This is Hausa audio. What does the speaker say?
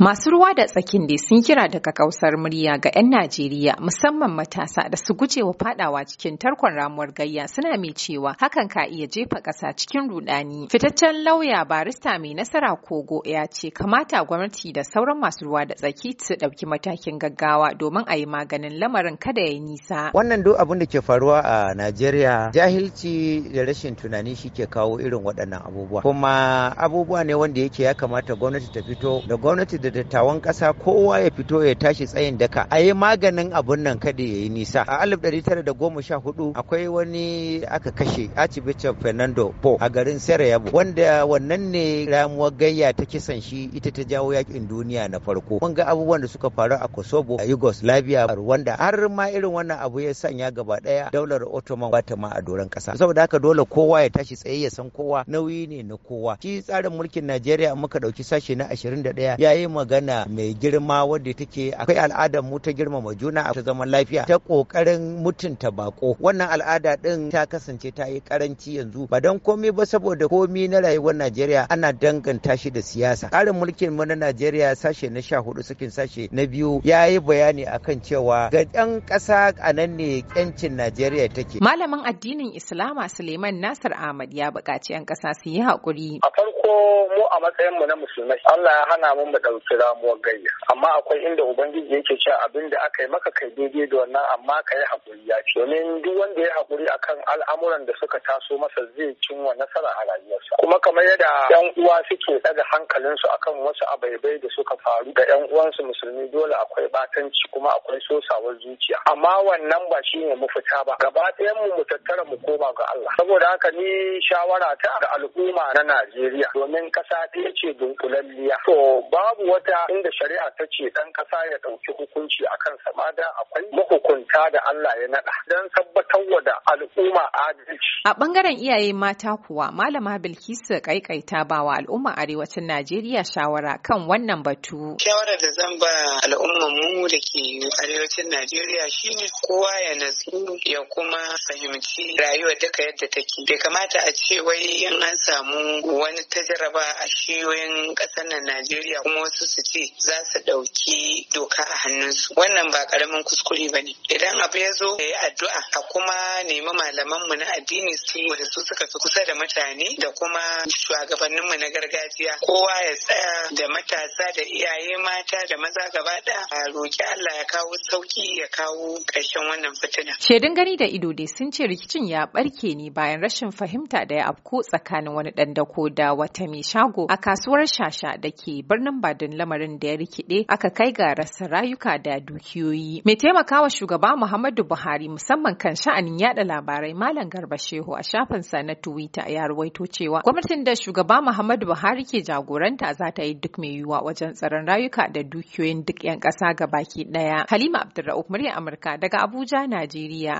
Masu ruwa da tsakin dai sun kira daga kausar murya ga 'yan Najeriya musamman matasa da su guje wa fadawa cikin tarkon ramuwar gayya suna mai cewa hakan ka iya jefa ƙasa cikin rudani. Fitaccen lauya barista mai nasara kogo ya ce kamata gwamnati da sauran masu ruwa da tsaki su ɗauki matakin gaggawa domin a yi maganin lamarin kada ya nisa. Wannan duk abin da ke faruwa a Najeriya jahilci da rashin tunani shi ke kawo irin waɗannan abubuwa. Kuma abubuwa ne wanda yake ya kamata gwamnati ta fito da gwamnati da da dattawan ƙasa kowa ya fito ya tashi tsayin daka a yi maganin abun nan kada ya yi nisa a alif ɗari tara da goma sha hudu akwai wani aka kashe archbishop fernando po a garin sarajevo wanda wannan ne ramuwar gayya ta kisan shi ita ta jawo yakin duniya na farko mun ga abubuwan da suka faru a kosovo a yugoslavia a rwanda har ma irin wannan abu ya sanya gaba ɗaya daular ottoman ba ta ma a doron ƙasa saboda haka dole kowa ya tashi tsaye ya san kowa nauyi ne na kowa shi tsarin mulkin najeriya muka ɗauki sashe na 21 ya yi magana mai girma wadda take akwai al'adar mu ta girmama juna a zaman lafiya ta kokarin mutunta bako wannan al'ada din ta kasance ta yi karanci yanzu ba don komai ba saboda komai na rayuwar Najeriya ana danganta shi da siyasa Karin mulkin mu na Najeriya sashe na sha hudu sakin sashe na biyu ya yi bayani akan cewa ga ɗan ƙasa a nan ne yancin Najeriya take malamin addinin Islama Suleiman Nasir Ahmad ya buƙaci 'yan ƙasa su yi hakuri. a farko mu a matsayin mu na musulmai Allah ya hana mu mu ɗauki fi ramuwar gayya amma akwai inda ubangiji yake cewa abin da aka yi maka kai daidai da wannan amma ka yi haƙuri ya ce domin duk wanda ya haƙuri akan al'amuran da suka taso masa zai wa nasara a rayuwarsa kuma kamar yadda yan uwa suke daga hankalinsu akan wasu abaibai da suka faru da yan uwansu musulmi dole akwai batanci kuma akwai sosawar zuciya amma wannan ba shi ne mafita ba gaba ɗayan mu mu tattara mu koma ga Allah saboda haka ni shawara ta ga al'umma na Najeriya domin ƙasa ɗaya ce dunkulalliya to babu wata inda shari'a ta ce dan ƙasa ya ɗauki hukunci a kan sama da akwai mahukunta da Allah ya naɗa don tabbatar wa da al'umma adalci. A ɓangaren iyaye mata kuwa malama Bilkisu kaikaita ba wa al'umma arewacin Najeriya shawara kan wannan batu. Shawara da zan ba al'umman mu da ke arewacin Najeriya shine kowa ya natsu ya kuma fahimci rayuwa duka yadda take. Bai kamata a ce wai in an samu wani tajaraba a shiyoyin ƙasar nan Najeriya kuma wasu su ce za su ɗauki doka a hannunsu wannan ba ƙaramin kuskure ba ne idan abu ya zo ya addu'a a kuma nemi malamanmu na addini su wanda su suka fi kusa da mutane da kuma shugabanninmu na gargajiya kowa ya tsaya da matasa da iyaye mata da maza gaba ɗaya a roƙi Allah ya kawo sauƙi ya kawo ƙarshen wannan fitina. Shaidun gani da ido dai sun ce rikicin ya ɓarke ne bayan rashin fahimta da ya afko tsakanin wani ɗan dako da wata mai shago a kasuwar shasha da ke birnin Badun gudun lamarin da ya rikide aka kai ga rasa rayuka da dukiyoyi. Mai taimakawa shugaba Muhammadu Buhari musamman kan sha'anin yada labarai Malam Garba Shehu a shafin sa na Tuwita, ya ruwaito cewa gwamnatin da shugaba Muhammadu Buhari ke jagoranta za ta yi duk mai yiwuwa wajen tsaron rayuka da dukiyoyin duk 'yan ƙasa gabaki ɗaya. Halima Abdulra'uf murya Amurka daga Abuja, Najeriya.